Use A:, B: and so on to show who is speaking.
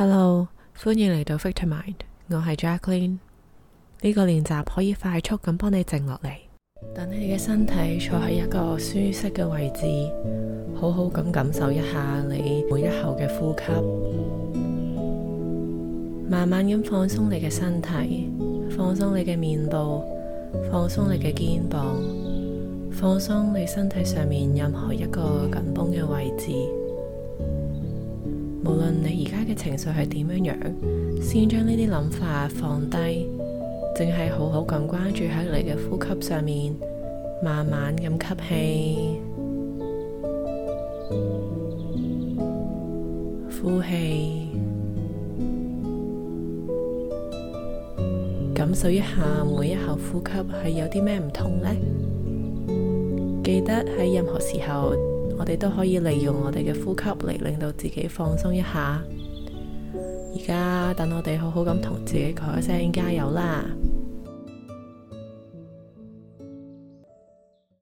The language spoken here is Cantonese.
A: Hello，歡迎嚟到 Factor Mind，我係 Jacqueline。呢、這個練習可以快速咁幫你靜落嚟。等你嘅身體坐喺一個舒適嘅位置，好好咁感受一下你每一口嘅呼吸。慢慢咁放鬆你嘅身體，放鬆你嘅面部，放鬆你嘅肩膀，放鬆你身體上面任何一個緊繃嘅位置。無論你而家嘅情緒係點樣樣，先將呢啲諗法放低，淨係好好咁關注喺你嘅呼吸上面，慢慢咁吸氣、呼氣，感受一下每一口呼吸係有啲咩唔同呢？記得喺任何時候。我哋都可以利用我哋嘅呼吸嚟令到自己放鬆一下。而家等我哋好好咁同自己講一聲加油啦！